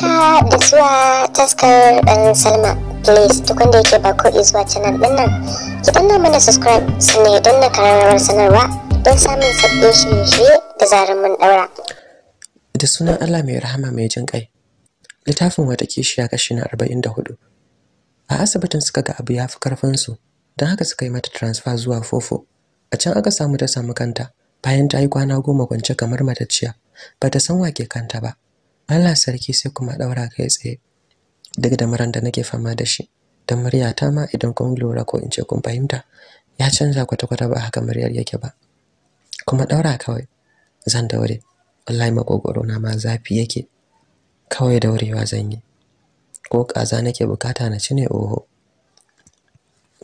haka da zuwa taskar dan salma please duk wanda yake ba ko zuwa canal din nan ki danna mana subscribe sannan ya danna karamar sanarwa don samun sabbin shirye-shirye da zarar mun daura da sunan allah mai rahama mai jin kai littafin wata kishiya kashi na arba'in da hudu a asibitin suka ga abu ya fi su don haka suka yi mata transfer zuwa fofo a can aka samu ta samu kanta bayan ta yi kwana goma kwance kamar mataciya, ba ta san wake kanta ba Allah sarki sai kuma daura kai tsaye duk da muran da nake fama da shi da murya ta ma idan kun lura ko in ce kun fahimta ya canza kwata-kwata ba haka muryar yake ba kuma daura kawai zan daure wallahi makogoro na ma zafi yake kawai daurewa zan yi ko kaza nake bukata na ci ne oho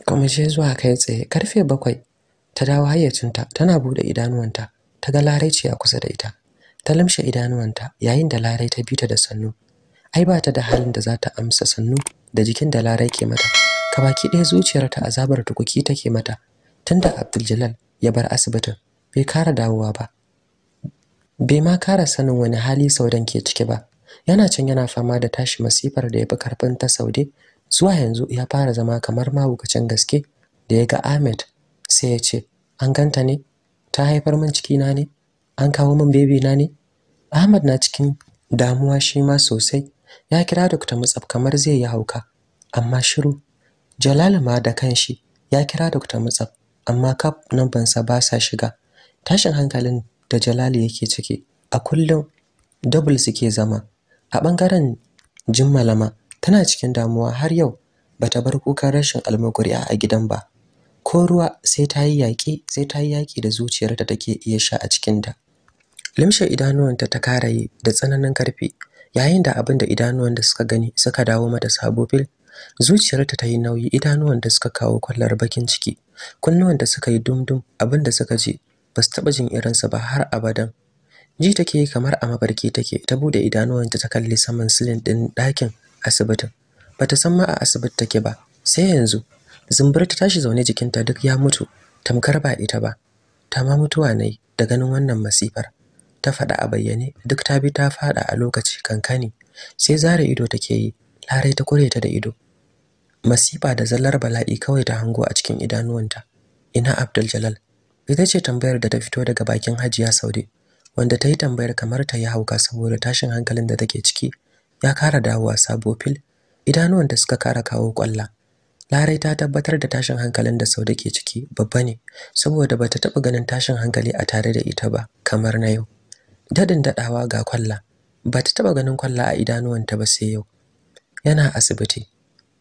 kuma she zuwa kai tsaye karfe bakwai ta dawo hayyacinta tana bude idanuwanta ta ga laraici a kusa da ita ta lamshe idanuwanta yayin da Larai ta bi ta da sannu ai ba ta da halin da za ta amsa sannu da jikin da Larai ke mata Ka kabaki ɗaya zuciyar ta azabar tukuki take mata tunda Abdul ya bar asibitin bai kara dawowa ba bai ma kara sanin wani hali Saudan ke ciki ba yana can yana fama da tashi masifar da ya fi karfin ta Saude zuwa yanzu ya fara zama kamar mawukacin gaske da ya ga Ahmed sai ya ce an ganta ne ta haifar min ciki na ne an kawo min baby na ne Ahmad na cikin damuwa shi ma sosai ya kira Dr. Mutsaf kamar zai yi hauka amma shiru Jalal ma da kanshi ya kira Dr. Mutsaf amma kaf nan bansa ba sa shiga tashin hankalin da Jalal yake ciki a kullum double suke zama a bangaren Jimmalama tana cikin damuwa har yau bata bar kukan rashin almaguriya a gidan ba ko ruwa sai ta yi yaƙi sai ta yi yaƙi da zuciyar da take iya sha a cikin cikinta limshe idanuwanta ta kara da tsananin karfi yayin da abin da idanuwan da suka gani suka dawo mata sabo fil zuciyarta ta yi nauyi idanuwan da suka kawo kwallar bakin ciki kunnuwan da suka yi dumdum abin da suka ji ba su taɓa jin irinsa ba har abadan ji take kamar a mabarki take ta bude idanuwanta ta kalli saman silin ɗin ɗakin asibitin bata san ma a asibiti take ba sai yanzu zumbura ta tashi zaune jikinta duk ya mutu tamkar ba ita ba ta ma mutuwa ne da ganin wannan masifar ta faɗa a bayyane duk ta bi ta faɗa a lokaci kankani sai zare ido take yi larai ta kure ta da ido masifa da zallar bala'i kawai ta hango a cikin idanuwanta ina Abdul Jalal ita ce tambayar da ta fito daga bakin Hajiya Saude wanda ta yi tambayar kamar ta yi hauka saboda tashin hankalin da take ciki ya kara dawowa sabo fil idanuwanta suka kara kawo kwalla Larai ta tabbatar da tashin hankalin da Saude ke ciki babba ne saboda bata taɓa ganin tashin hankali a tare da ita ba kamar na yau dadin dadawa ga kwalla ba ta taba ganin kwalla a idanuwanta ba sai yau yana asibiti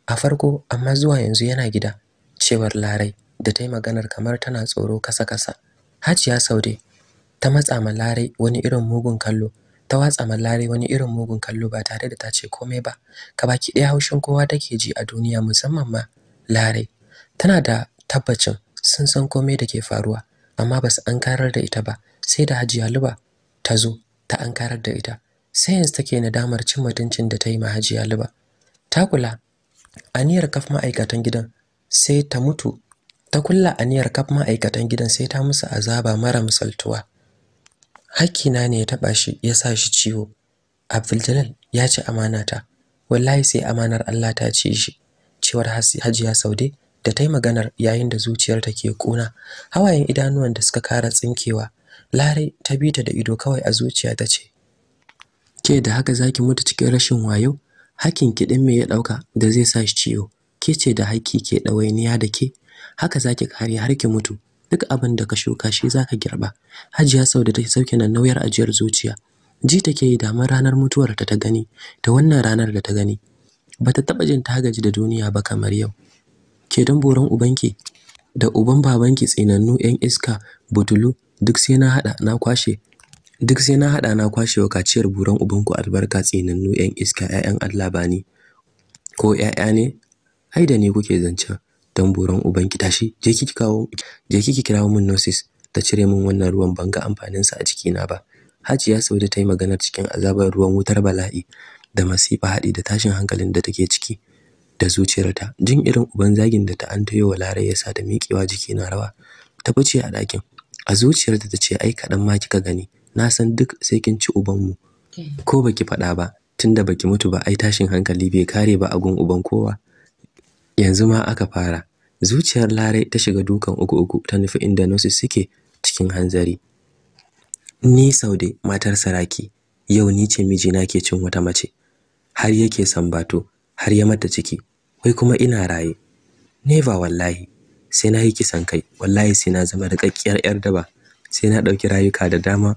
a farko amma zuwa yanzu yana gida cewar larai da ta yi maganar kamar tana tsoro kasa-kasa hajiya saude ta matsa ma larai wani irin mugun kallo ta watsa ma larai wani irin mugun kallo ba tare da ta ce komai ba ka baki ɗaya haushin kowa take ji a duniya musamman ma larai tana da tabbacin sun san komai da ke faruwa amma ba su an karar da ita ba sai da hajiya luba ta zo ta ankarar da ita sai yanzu take nadamar cin mutuncin da ta yi mahajiya liba ta kula aniyar kaf ma'aikatan gidan sai ta mutu ta kulla aniyar kaf ma'aikatan gidan sai ta musu azaba mara misaltuwa hakkina ne ya taɓa shi ya sa shi ciwo abdul ya ci ta. wallahi sai amanar Allah ta ci shi cewar hajiya saude da ta yi maganar yayin da zuciyar ta ke kuna hawayen idanuwan da suka kara tsinkewa Lare ta bi ta da ido kawai a zuciya ta ce, Ke da haka zaki mutu cikin rashin wayo? Hakin ki din me ya ɗauka da zai sa shi ciwo? Ke ce da haki ke ɗawainiya da ke? Haka zaki kare har ki mutu. Duk abin da ka shuka shi zaka girba. Hajiya sau ta take sauke nan nauyar ajiyar zuciya. Ji take yi damar ranar mutuwar ta ta gani, da wannan ranar da ta gani. Bata taɓa jin ta gaji da duniya ba kamar yau. Ke don boron ubanki da uban babanki tsinannu 'yan iska, butulu, duk sai na haɗa na kwashe duk sai na haɗa na wa kaciyar buran ubanku albarka tsinannu 'yan iska 'ya'yan Allah ba ni ko 'ya'ya ne ai da ni kuke zancen dan buran ubanki tashi je ki kawo je ki kirawo min nurses ta cire min wannan ruwan ban ga amfanin sa a jikina ba Hajiya Saude ta yi maganar cikin azabar ruwan wutar bala'i da masifa haɗi da tashin hankalin da take ciki da zuciyarta jin irin uban zagin da ta antayo wa Larai ya sa ta miƙewa jiki na rawa ta fice a ɗakin a zuciyar ta tace ai kaɗan ma kika gani na san duk sai kin ci ubanmu ko baki faɗa ba tunda baki mutu ba ai tashin hankali bai kare ba a uban kowa yanzu ma aka fara zuciyar lare ta shiga dukan uku uku ta nufi inda nurses suke cikin hanzari ni saude matar saraki yau ni ce mijina ke cin wata mace har yake sambato har ya mata ciki wai kuma ina raye neva wallahi sai na yi kisan kai wallahi sai na zama da kakkiyar 'yar daba sai na ɗauki rayuka da dama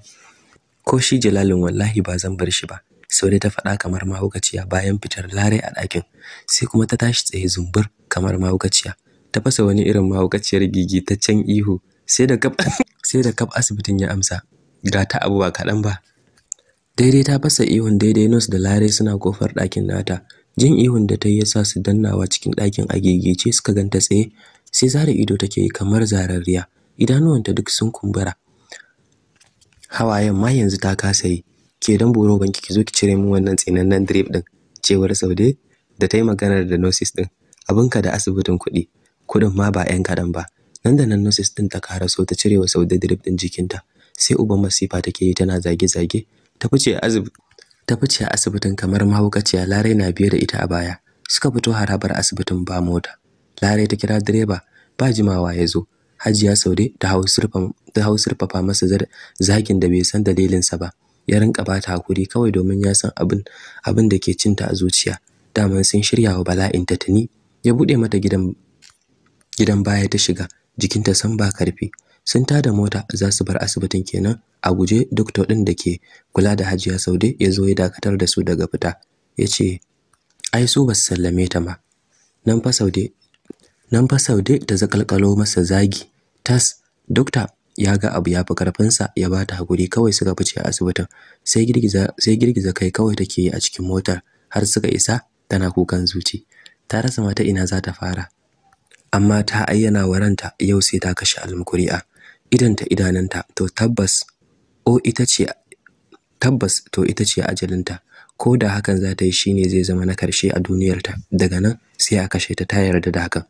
ko shi Jalalin wallahi ba zan bar shi ba Saude ta faɗa kamar mahaukaciya bayan fitar Lare a ɗakin sai kuma ta tashi tsaye zumbur kamar mahaukaciya ta fasa wani irin mahaukaciyar gigitaccen ihu sai da kaf asibitin ya amsa ga ta abu ba kaɗan ba daidai ta fasa ihun daidai nos da Lare suna kofar ɗakin nata jin ihun da ta yi sa su dannawa cikin ɗakin a gigice suka ganta tsaye sai zara ido take yi kamar zararriya idanuwanta duk sun kumbura hawayen ma yanzu ta kasa yi ke dan boro banki ki zo ki cire min wannan tsinannen drip din cewar saude da ta yi maganar da nosis din abinka da asibitin kuɗi kuɗin ma ba 'yan kaɗan ba nan da nan nosis din ta so ta cire wa saude drip din jikinta sai uban masifa take yi tana zage-zage ta fice ta fice a asibitin kamar mahaukaciya larai na biye da ita a baya suka fito harabar asibitin ba mota larai ta kira direba ba jimawa ya zo hajiya saude ta hau surfafa masa zagin da bai san dalilinsa ba ya rinka bata hakuri kawai domin ya san abin da ke cinta a zuciya daman sun shirya wa bala'in ta tuni ya buɗe mata gidan baya ta shiga jikinta san ba karfi sun tada mota za su bar asibitin kenan a guje doktor ɗin da ke kula da hajiya saude ya zo ya dakatar da su daga fita ya ce ai su ba su sallame ta ma nan fa saude nan fa saude ta kalkalo masa zagi tas dokta ya ga abu ya fi karfinsa ya ba ta hakuri kawai suka fice a asibitin sai girgiza sai girgiza kai kawai take yi a cikin motar har suka isa tana kukan zuci ta rasa mata ina za ta fara amma ta ayyana wa ranta yau sai ta kashe almukuri'a idanta idananta to tabbas o ita ce tabbas to ita ce ajalinta ko da hakan za ta yi shine zai zama na karshe a duniyarta daga nan sai a kashe ta ta yarda da hakan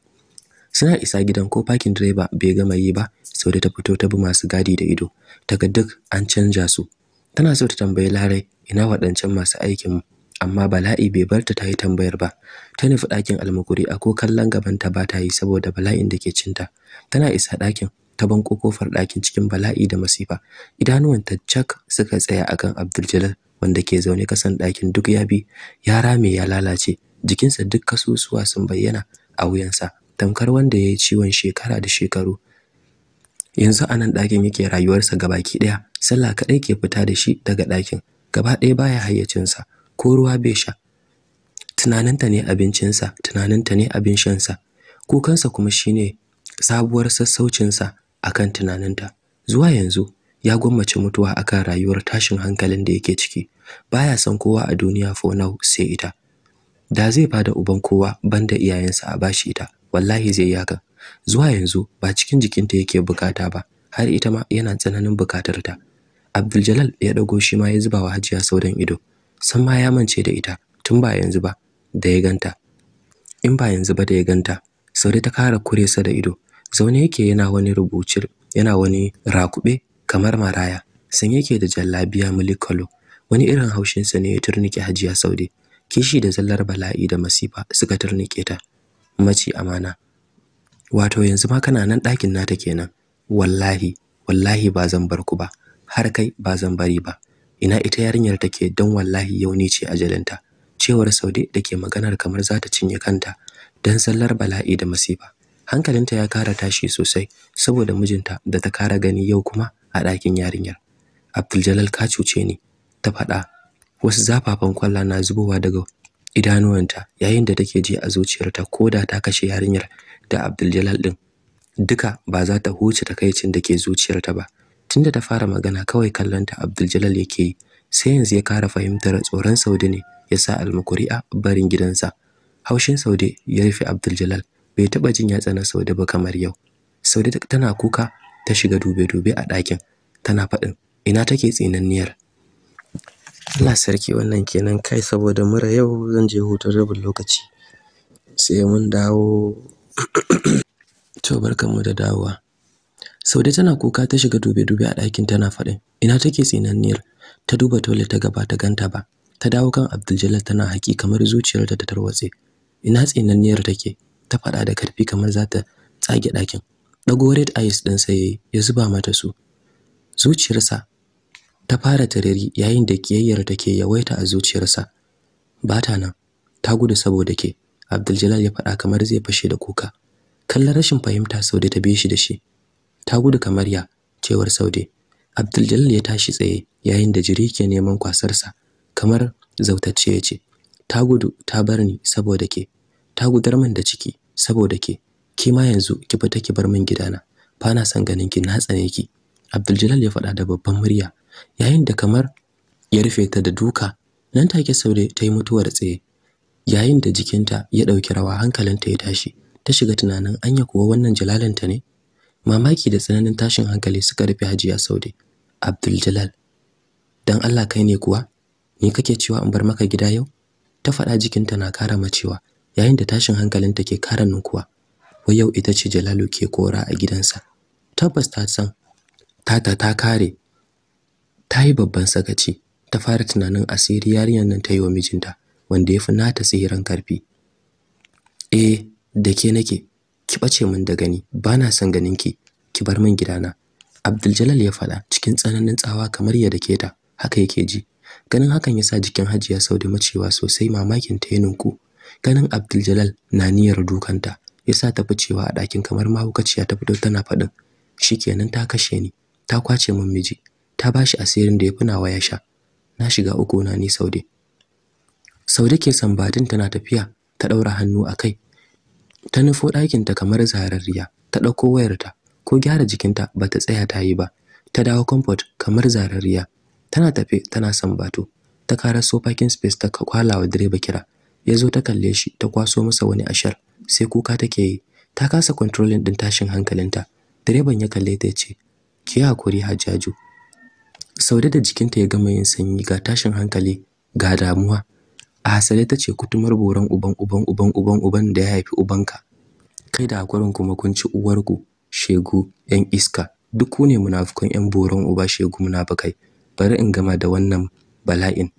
Suna isa gidan ko fakin direba bai gama yi ba, sau da ta fito ta bi masu gadi da ido. ta ga duk an canja su. Tana so ta tambayi Larai ina waɗancan masu aikin amma bala'i bai bar ta ta yi tambayar ba. Ta nufi ɗakin almukuri a ko kallon gabanta ba ta yi saboda bala'in da ke cinta. Tana isa ɗakin ta banko kofar ɗakin cikin bala'i da masifa. ta cak suka tsaya akan Abdul wanda ke zaune kasan ɗakin duk ya bi ya rame ya lalace jikinsa duk kasusuwa sun bayyana a wuyansa tamkar wanda ya yi ciwon shekara da shekaru yanzu a nan ɗakin yake rayuwarsa gabaki ɗaya sallah kaɗai ke fita da shi daga ɗakin gaba ɗaya baya hayyacinsa ko ruwa bai sha tunaninta ne abincinsa tunaninta ne abin shansa kukansa kuma shine sabuwar sassaucinsa a kan tunaninta zuwa yanzu ya gwammace mutuwa akan rayuwar tashin hankalin da yake ciki baya san kowa a duniya for sai ita da zai bada uban kowa banda iyayensa a bashi ita wallahi zai yi haka zuwa yanzu ba cikin jikinta yake bukata ba har ita ma yana tsananin bukatar ta Abdul ya dago shi ma ya zuba wa Hajiya saudan ido san ma ya mance da ita tun ba yanzu ba da ya ganta in ba yanzu ba da ya ganta Saude ta kara kure sa da ido zaune yake yana wani rubucir yana wani rakube kamar maraya san yake da jallabiya mulikalo wani irin haushinsa ne ya turnike Hajiya Saude kishi da zallar bala'i da masifa suka turnike ta mace amana wato yanzu ma kana nan ɗakin nata kenan wallahi wallahi ba zan bar ku ba har kai ba zan bari ba ina ita yarinyar take don wallahi yau ni ce ajalinta cewar saude da ke maganar kamar za ta cinye kanta don sallar bala'i da masifa hankalinta ya kara tashi sosai saboda mijinta da ta kara gani yau kuma a ɗakin yarinyar abdul ka cuce ni ta faɗa wasu zafafan kwalla na zubowa daga idanuwanta yayin da take ji a zuciyarta ko da ta kashe yarinyar da Abdul ɗin, din. Duka ba za ta huce takaicin da ke zuciyarta ba. Tunda ta fara magana kawai kallonta Abdul Jalal yake yi, sai yanzu ya kara fahimtar tsoron saudi ne ya sa almukuri'a barin gidansa. Haushin Saude ya rufe Abdul Jalal, bai taɓa jin ya tsana Saude ba kamar yau. Saude tana kuka ta shiga dube-dube a ɗakin, tana faɗin ina take tsinanniyar. Allah sarki wannan kenan kai saboda mura yau zan je hutun rabin lokaci sai mun dawo to barkanmu da dawowa Saude tana kuka ta shiga dube-dube a ɗakin tana faɗin ina take tsinanniyar ta duba tole ta gaba ta ganta ba ta dawo kan Abdul tana haƙi kamar zuciyarta ta tarwatse ina tsinanniyar take ta faɗa da karfi kamar za ta tsage ɗakin ɗago red eyes ɗin ya yi, ya zuba mata su zuciyarsa ta fara tarari yayin da kiyayyar take yawaita a zuciyarsa ba ta nan ta gudu saboda ke Abdul ya faɗa kamar zai fashe da kuka kallon rashin fahimta Saude ta bi shi da shi ta gudu kamar ya cewar Saude Abdul ya tashi tsaye yayin da jiri ke neman kwasarsa kamar zautacce ya ce ta gudu ta bar ni saboda ke ta gudar min da ciki saboda ke ki ma yanzu ki fita ki bar min gidana ba na son ganin ki na tsane ki Abdul ya faɗa da babban murya yayin da kamar ya rufe ta da duka nan take saure ta yi mutuwar tsaye yayin da jikinta ya ɗauki rawa hankalinta ya tashi ta shiga tunanin anya kuwa wannan jalalinta ne mamaki da tsananin tashin hankali suka rufe hajiya saude abdul jalal dan allah kai ne kuwa ni kake cewa in bar maka gida yau ta faɗa jikinta na kara macewa yayin da tashin hankalinta ke kara ninkuwa wai yau ita ce jalalu ke kora a gidansa tabbas ta san tata ta kare ta yi babban sakaci ta fara tunanin asiri yarinyar nan ta yi wa mijinta wanda ya fi nata tsiran karfi E, da ke nake ki ɓace min da gani ba na son ganin ki ki bar min gidana abdul ya faɗa cikin tsananin tsawa kamar ya ke ta haka yake ji ganin hakan ya sa jikin hajiya da macewa sosai mamakin ta yi nunku ganin abdul na niyyar dukanta ya sa ta ficewa a ɗakin kamar mahaukaciya ta fito tana faɗin Shi kenan ta kashe ni ta kwace min miji ta bashi asirin da ya nawa ya sha na shiga uku na ni saude saude ke sambatin tana tafiya ta daura hannu a kai ta nufo ɗakinta kamar zararriya ta ɗauko wayarta ko gyara jikinta ba ta tsaya ta yi ba ta dawo comfort kamar zararriya tana tafe tana sambato ta kara parking space ta kwala wa direba kira ya zo ta kalle shi ta kwaso masa wani ashar sai kuka take yi ta kasa controlling din tashin hankalinta direban ya kalle ta ce ki hakuri hajjaju Saude da jikinta ya gama yin sanyi ga tashin hankali ga damuwa. A hasale ta ce kutumar boran uban uban uban uban uban da ya haifi ubanka. Kai da hakurin kuma kun ci uwarku shegu ‘yan iska duk ku ne munafukan ‘yan boran uba shegu bakai? Bari in gama da wannan bala'in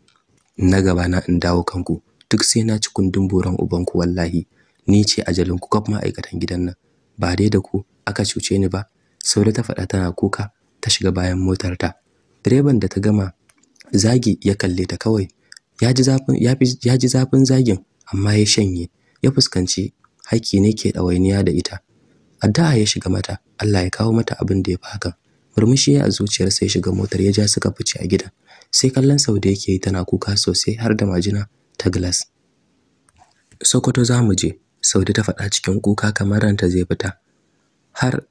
na gaba na in dawo kanku duk sai na ci kundin boran ubanku wallahi ni ce ajalin ku kaf ma'aikatan gidan nan ba dai da ku aka cuce ni ba. Saude ta faɗa tana kuka ta shiga bayan motarta. direban da ta gama zagi ya kalle ta kawai ya ji zafin zagin amma ya shanye ya fuskanci haƙƙi ne ke ɗawainiya da ita addu'a ya shiga mata Allah ya kawo mata abin da ya fi haka murmushi ya a zuciyar sai shiga motar ya ja suka fice a gida? sai kallon sau da yake yi tana kuka sosai har da majina ta glass sokoto za mu je saudi ta faɗa cikin kuka kamar ranta zai fita har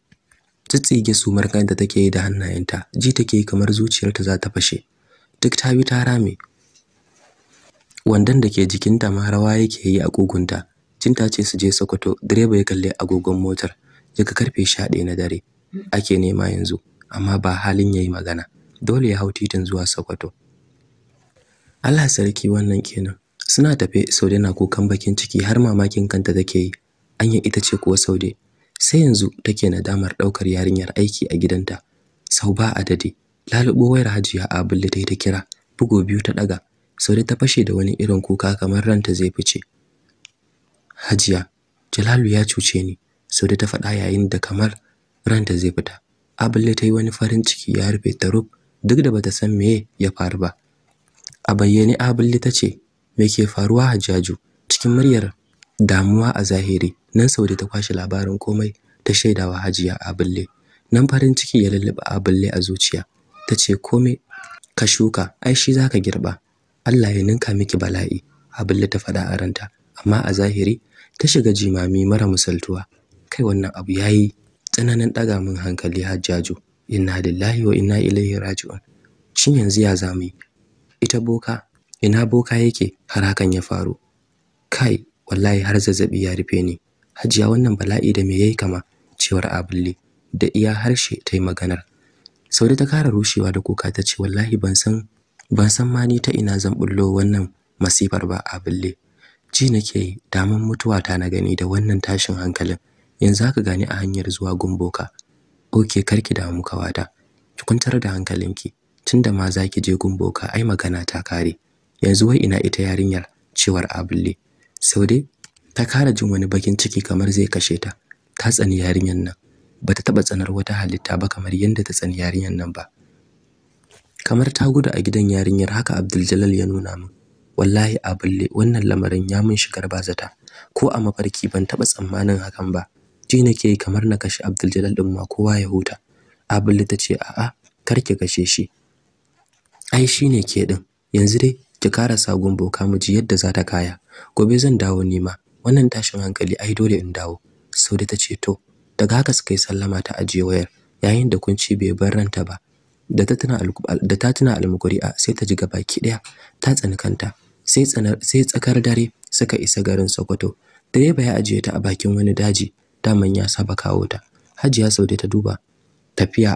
tsige sumar kanta take yi da hannayenta ji take kamar zuciyarta za ta fashe duk ta bi ta rame wandon da ke jikinta ma rawa yake yi a kugunta jinta ce su je sokoto direba ya kalli agogon motar daga karfe sha na dare ake nema yanzu amma ba halin ya yi magana dole ya hau titin zuwa sokoto allah sarki wannan kenan suna tafe saude na kukan bakin ciki har mamakin kanta take yi anya ita ce kuwa saude sai yanzu take nadamar ɗaukar yarinyar aiki a gidanta sau ba adadi lalubo wayar hajiya a ta yi ta kira bugu biyu ta ɗaga sau ta fashe da wani irin kuka kamar ranta zai fice hajiya jalalu ya cuce ni sau ta faɗa yayin da kamar ranta zai fita abulle ta yi wani farin ciki ya rufe ta rub duk da bata san meye ya faru ba a bayyane abulle ta ce me ke faruwa hajjaju cikin muryar damuwa a zahiri nan Saude ta kwashe labarin komai ta shaidawa Hajiya Abulle nan farin ciki ya lulluɓa Abulle a zuciya ta ce komai ka shuka ai shi za ka girba Allah ya ninka miki bala'i Abulle ta faɗa a ranta amma a zahiri ta shiga jimami mara misaltuwa kai wannan abu ya yi tsananin ɗaga min hankali Hajjaju inna lillahi wa inna ilaihi raji'un shin yanzu ya zamu ita boka ina boka yake har hakan ya faru kai wallahi har zazzabi ya rufe ni hajiya wannan bala'i da me yayi kama cewar abulle da iya harshe ta yi maganar saudi ta kara rushewa da kuka ta ce wallahi ban san ban san ma ta ina zan bullo wannan masifar ba abulle ji nake damar mutuwa ta na gani da wannan tashin hankalin yanzu ka gani a hanyar zuwa gumboka oke karki damu kawata ki kwantar da hankalinki tunda ma za ki je gumboka ai magana ta kare yanzu wai ina ita yarinyar cewar abulle sau dai ta kara jin wani bakin ciki kamar zai kashe ta ta tsani yarinyar nan ba ta taba tsanar wata halitta ba kamar yadda ta tsani yarinyar nan ba kamar ta gudu a gidan yarinyar haka Abdul ya nuna min wallahi a wannan lamarin ya mun shigar zata, ko a mafarki ban taba tsammanin hakan ba ji nake kamar na kashe Abdul Jalal din ma kowa ya huta Abulle ta ce a'a kar ki kashe shi ai shine ke din yanzu dai ki karasa gun boka mu ji yadda za ta kaya gobe zan dawo nima wannan tashin hankali ai dole in dawo Saude ta ce to daga haka suka yi sallama ta ajiye wayar yayin da kunci bai bar ranta ba da ta tuna da ta almukuri'a sai ta ji ki daya ta tsani kanta sai tsanar sai tsakar dare suka isa garin Sokoto direba ya ajiye ta a bakin wani daji daman ya saba kawo ta Hajiya Saude ta duba tafiya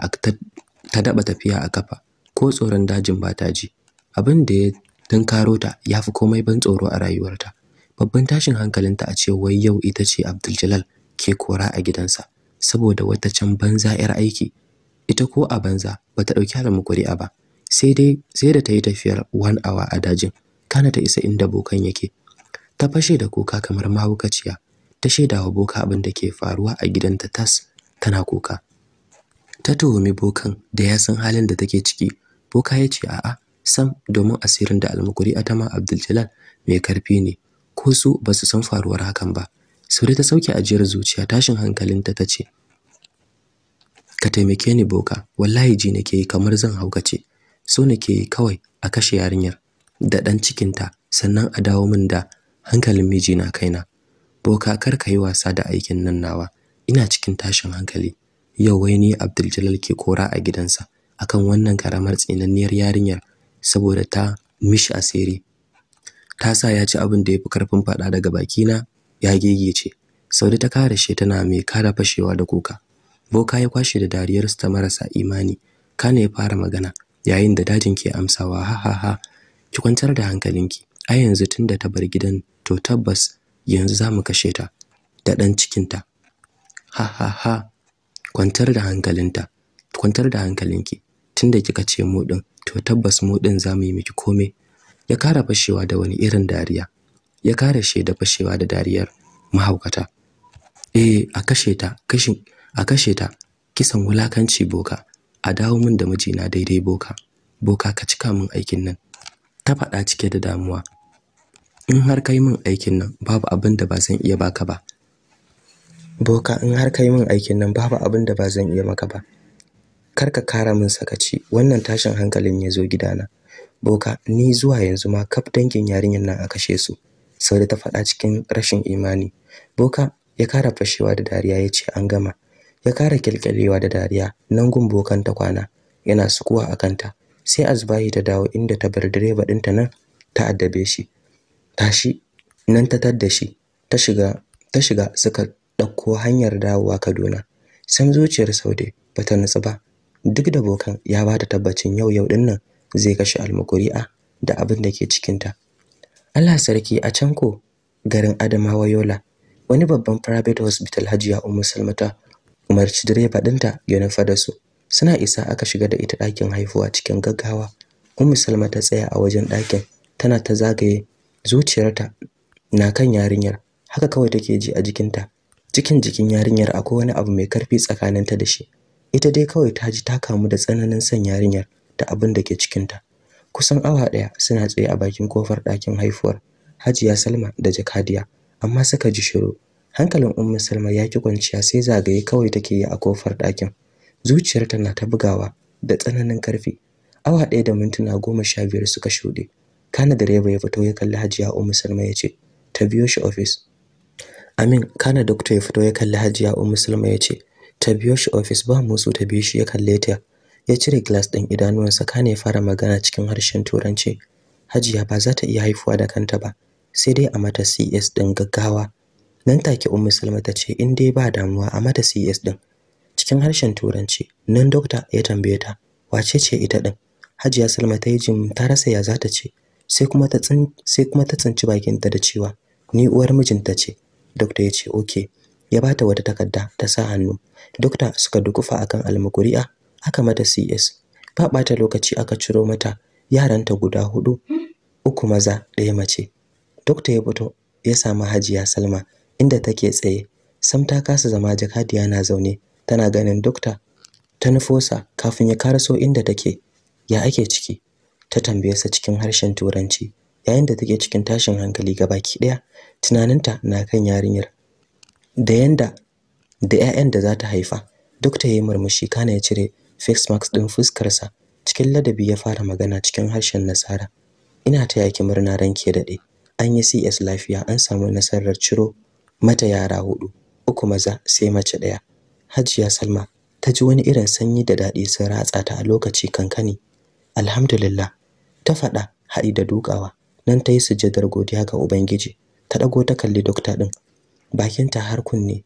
ta daba tafiya a kafa ko tsoron dajin ba ta ji abin da ya tunkaro ta fi komai ban tsoro a rayuwarta babban tashin hankalinta a ce wai yau ita ce Abdul ke kora a gidansa saboda wata can banza yar aiki ita ko a banza ba ta ɗauki halin kuri'a ba sai dai sai da ta yi tafiyar one hour a dajin kana ta isa inda bokan yake ta fashe da kuka kamar mahaukaciya ta shaida wa boka abin da ke faruwa a gidanta tas tana kuka ta tuhumi bokan da ya san halin da take ciki boka ya ce a'a sam domin asirin da almukuri ma abdul mai karfi ne ko su ba su san faruwar hakan ba sauri ta sauke ajiyar zuciya tashin hankalinta ta ce ka taimake ni boka wallahi ji nake yi kamar zan haukace so nake yi kawai a kashe yarinyar da ɗan cikinta sannan a dawo min da hankalin mijina kaina boka kar ka yi wasa da aikin nan nawa ina cikin tashin hankali yau wai ni Abdul ke kora a gidansa akan wannan karamar tsinanniyar yarinyar saboda ta mishi asiri ta sa ya ci abin da ya fi karfin faɗa daga bakina ya gegece saudi ta kare shi tana mai kara fashewa da kuka boka ya kwashe da dariyarsu ta marasa imani kana ya fara magana yayin da dajin ke amsawa ha ha ha ki kwantar da hankalinki a yanzu tun da ta bar gidan to tabbas yanzu za mu kashe ta da ɗan cikinta ha ha ha kwantar da hankalinta kwantar da hankalinki da kika ce mu din to tabbas mu din za mu yi miki komai ya kara fashewa da wani irin dariya ya kara da fashewa da dariyar mahaukata eh a kashe ta kashin a kashe ta kisan wulakanci boka a dawo min da mijina daidai boka boka ka cika min aikin nan ta faɗa cike da damuwa in har kai min aikin nan babu abin da ba zan iya baka ba boka in har kai min aikin nan babu abin da ba zan iya maka ba kar ka kara min sakaci wannan tashin hankalin ya zo gidana boka ni zuwa yanzu ma kaf dangin yarinyar nan a kashe su saude ta faɗa cikin rashin imani boka ya kara fashewa da dariya ya ce an gama ya kara kyalkyalewa da dariya nan gun bokan ta kwana yana sukuwa a kanta sai azbahi ta dawo inda ta bar direba ɗinta nan ta addabe shi tashi nan ta tadda shi ta shiga ta shiga suka ɗauko hanyar dawowa Kaduna sam zuciyar Saude bata nutsu ba duk da bokan ya bata tabbacin yau yau ɗin nan zai kashe almakuri'a da abin da ke cikinta Allah sarki a can ko garin Adamawa Yola wani babban private hospital Hajiya Ummu Salmata umarci direba ɗinta ya nufa da su suna isa aka shiga da ita ɗakin haifuwa cikin gaggawa Ummu Salmata tsaya a wajen ɗakin tana ta zagaye zuciyarta na kan yarinyar haka kawai take ji a jikinta cikin jikin yarinyar akwai wani abu mai karfi tsakaninta da shi ita dai kawai ta ji ta kamu da tsananin son yarinyar da abin da ke cikinta kusan awa ɗaya suna tsaye a bakin kofar ɗakin haifuwar hajiya salma da jakadiya amma suka ji shiru hankalin ummu salma ya ki kwanciya sai zagaye kawai take yi a kofar ɗakin zuciyarta na ta bugawa da tsananin karfi awa ɗaya da mintuna goma sha biyar suka shuɗe kana direba ya fito ya kalli hajiya ummu salma ya ce ta biyo shi ofis amin kana dokta ya fito ya kalli hajiya ummu salma ya ce ta biyo shi ofis ba musu ta biyo shi ya kalle ta ya cire glass ɗin idanuwansa kana ya fara magana cikin harshen turanci hajiya ba za ta iya haifuwa da kanta ba sai dai a mata cs ɗin gaggawa nan take ummu salma ta ce in dai ba damuwa a mata cs ɗin cikin harshen turanci nan dokta ya tambaye ta wace ce ita ɗin hajiya salma ta yi jin ta rasa ya za ta ce sai kuma ta sai kuma ta tsinci bakinta da cewa ni uwar mijinta ce dokta ya ce okay ya bata wata takarda ta sa hannu dokta suka dukufa akan almukuri'a aka mata CS ba ɓata lokaci aka ciro mata yaranta guda hudu uku maza ɗaya mace dokta ya fito ya samu Hajiya Salma inda take tsaye sam ta kasa zama jakadiya na zaune tana ganin dokta ta nufosa kafin ya karaso inda take ya ake ciki ta tambaye sa cikin harshen turanci yayin da take cikin tashin hankali ga baki ɗaya, tunaninta na kan yarinyar da yanda da ƴaƴan da za ta haifa dokta ya yi murmushi kana ya cire face mask ɗin fuskarsa cikin ladabi ya fara magana cikin harshen nasara ina ta ki murna ranke daɗe an yi cs lafiya an samu nasarar ciro mata yara hudu uku maza sai mace ɗaya hajiya salma ta ji wani irin sanyi da daɗi sun ratsa ta a lokaci kankani alhamdulillah ta faɗa haɗi da dukawa nan ta yi sujjadar godiya ga ubangiji ta ɗago ta kalli dokta ɗin bakinta har kunne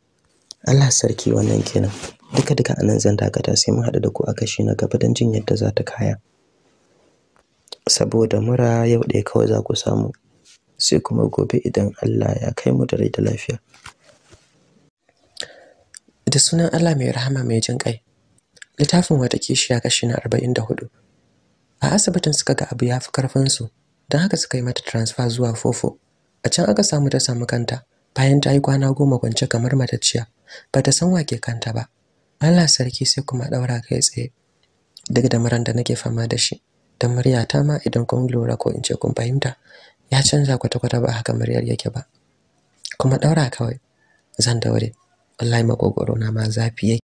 Allah sarki wannan kenan duka duka nan zan dakata sai mun haɗu da ku a kashi na gaba don jin yadda za ta kaya saboda mura yau ɗaya kawai za ku samu sai kuma gobe idan Allah ya kai mu da rai da lafiya da sunan Allah mai rahama mai jin kai littafin wata kishiya kashi na 44 a asibitin suka ga abu ya fi karfin su don haka suka yi mata transfer zuwa fofo a can aka samu ta samu kanta bayan ta yi kwana goma kwance kamar mataciya. ba ta san wake kanta ba Allah sarki sai kuma daura kai tsaye duk da muran da nake fama da shi dan murya ta ma idan kun lura ko in ce kun fahimta ya canza kwata-kwata ba haka muryar yake ba kuma daura kawai zan daure wallahi makogoro na ma zafi yake